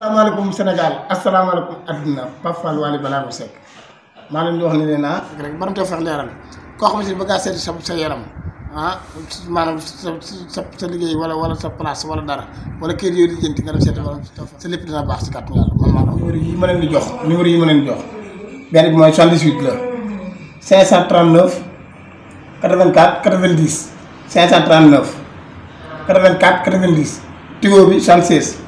asalaamaaleykum Sénégal asalaamaaleykum adduna Pape Fall Waly Ballago Seck maa leen di wax ne leen ah rek baram too fex leeral koo xam si bëgg a seeti sa yaram ah maanaam sa sa liggéey wala wala sa place wala dara wala kër yooyu di jënti nga dem seeti sa lépp dina baax si kàttan yàlla man maa numéro yi ma leen di jox numéro yi ma leen di jox benn bi mooy 78 la 539 84 90 539 84 90 tigo bi 76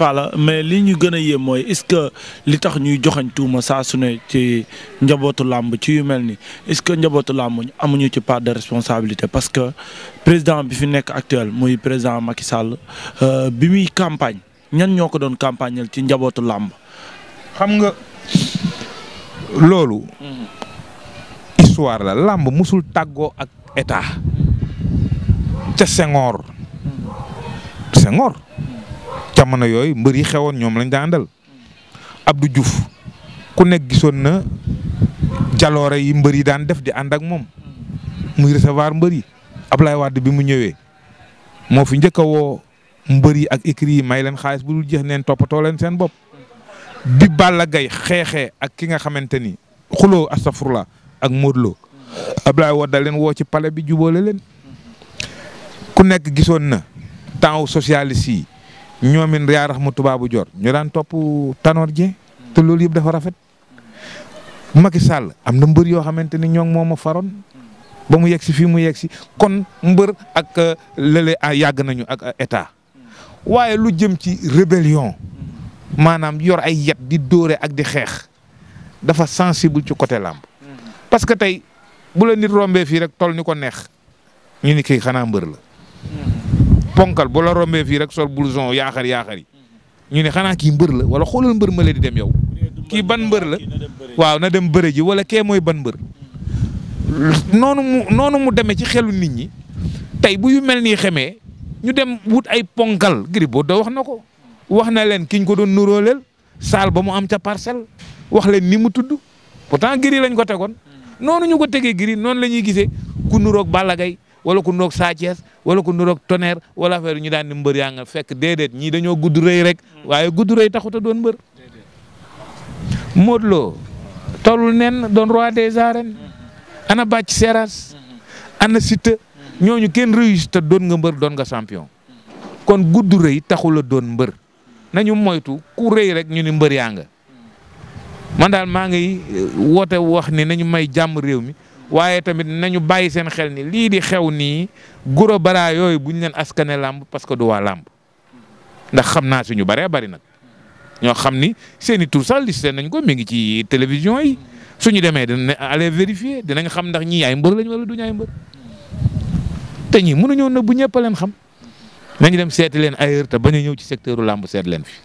pas mais li ñu gën a yéem mooy est-ce que li tax ñuy joxañ tuuma saa su ne ci njabootu làmb ci yu mel ni est-ce que njabootu làmb amuñu ci part de responsabilité parce que président bi fi nekk actuel mooy président Macky Sall euh, bi muy campagne ñan ñoo ko doon campagneel ci njabootu làmb xam nga loolu. histoire la làmb mosul tàggoo ak état ca Senghor. Senghor. jamono yooyu mbër yi xewoon ñoom lañ daa àndal Abdou Diouf ku nekk gisoon na jaloore yi mbër yi daan def di ànd ak moom muy recevoir mbër yi Ablaye Wade bi mu ñëwee moo fi njëkk a woo mbër yi ak écrit yi may leen xaalis bu dul jeex neen toppatoo leen seen bopp bi Balla Gaye xeexee ak ki nga xamante ni xuloo astafurla ak Modou Lo Ablaye Wade woo ci palais bi jubóole leen ku nekk gisoon na temps socialiste ñoomin yaa rax mu tubaabu joor ñu daan topp Tanor Dieng te loolu yëpp dafa rafet Macky Sall am na mbër yoo xamante ni ñoo ngi moom a faroon ba mu yegg si fii mu yegg si kon mbër ak euh, lële ah, yàgg nañu ak euh, état waaye lu jëm ci rébellion maanaam yor ay yet di dóore ak di xeex dafa sensible ci côté làmb parce tey bu la nit rombee fii rek tol ni ko neex ñu ni kii xanaa mbër la ponkal bu la rombee fii rek sol blouson yaaxar yaaxar yi ñu ne xanaa kii mbër la wala xoolal mbër ma la di dem yow kii ban mbër la waaw na dem bëre ji wala kee mooy ban mbër noonu mu noonu mu demee ci xelu nit ñi tey bu yu mel ni xemee ñu dem wut ay ponkal Gris Bordeaux wax na ko wax na leen kiñ ko doon nuróoleel saal ba mu am ca parcelle wax leen ni mu tudd pourtant Gris lañ ko tegoon noonu ñu ko tegee Gris noonu la ñuy gisee ku nuroog Balla Gaye wala ku nuroog Sa wala ku nuroog Tonnerre wala affaire ñu daan di mbër yaa nga fekk déedéet ñi dañoo gudd rëy rek mm. waaye gudd rëy taxut a doon mbër. Modou tollu nen doon roi des mm-hmm. ana bàcc seras mm-hmm. ana Siteu mm-hmm. ñooñu kenn réussite doon nga mbër doon nga champion kon gudd rëy taxul a doon mbër nañu moytu ku rëy rek ñu ni mbër yaa nga man maa ngi eh, woote wax ni nañu may jàmm réew mi. waaye tamit nañu bàyyi seen xel ni lii di xew nii guro bara yooyu buñ leen askane làmb parce que du waa làmb ndax xam naa ñu bëree bari nag ñoo xam ni seeni i tur sax listé nañ ko mi ngi ci télévision yi suñu demee dinañ aller vérifier dinañ xam ndax ñii ay mbër lañu wala duñu ay mbër te ñii mënuñoo nëbbu ñëpp a leen xam nañu dem seeti leen ailleurs te bañ ñëw ci secteur làmb seet leen fi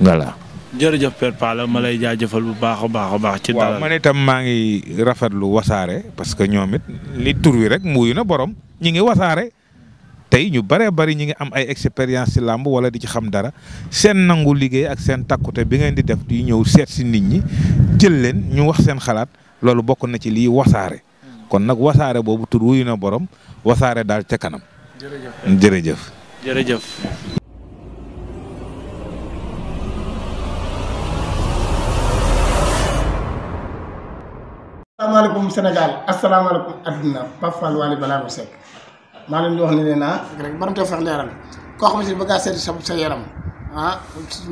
voilà. jërëjëf Père ma lay jaajëfal bu baax a baax a baax. ci dalal waaw man itam maa ngi rafetlu wasaare parce que ñoom it li tur wi rek muuyu na borom ñi ngi wasaare tey ñu bëree bëri ñi ngi am ay expérience ci lamb wala di ci xam dara seen nangu liggéey ak seen takkute bi ngeen di def di ñëw seet si nit ñi jël leen ñu wax seen xalaat loolu bokk na ci lii wasaare. kon nag wasaare boobu tur wuyu na borom wasaare daal ca kanam. jërëjëf. jërëjëf. asalaamaaleykum Sénégal asalaamaaleykum adduna Pape Fall Waly Ballago Seck maa leen di wax ne leen ah rek mën fex leeral koo xam si bëgg a seeti sa sa yaram ah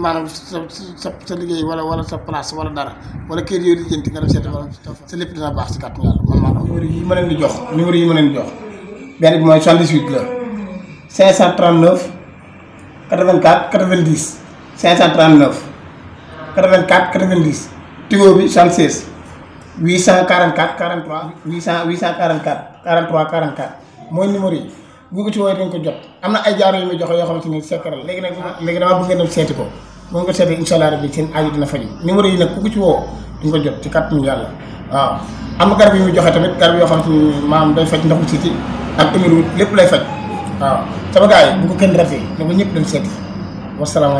maanaam sa sa liggéey wala wala sa place wala dara wala kër yooyu di nga dem seeti sa lépp dina baax si kàttu yàlla man maa numéro yi ma leen di jox numéro yi ma leen di jox benn bi mooy 78 la 539 84 90 539 84 90 tigo bi 76 844 43 800 844 43 44 mooy numéro yi bu ko ci woowee dañ ko jot am na ay jaaro yu muy joxe yoo xamante ni secret la léegi nag léegi dama bëgg ngeen a seeti ko moom nga seetee incha allah rabbi seen aaju dina faju numéro yi nag ku ko ci woo duñ ko jot ci kàttanu yàlla waaw am na garab yu muy joxe tamit garab yoo xamante ni maam day faj ndoxu siiti ak émiru lépp lay faj waaw sama gars yi bu ko kenn rafet na ba ñëpp dem seeti wasalaamaaleykum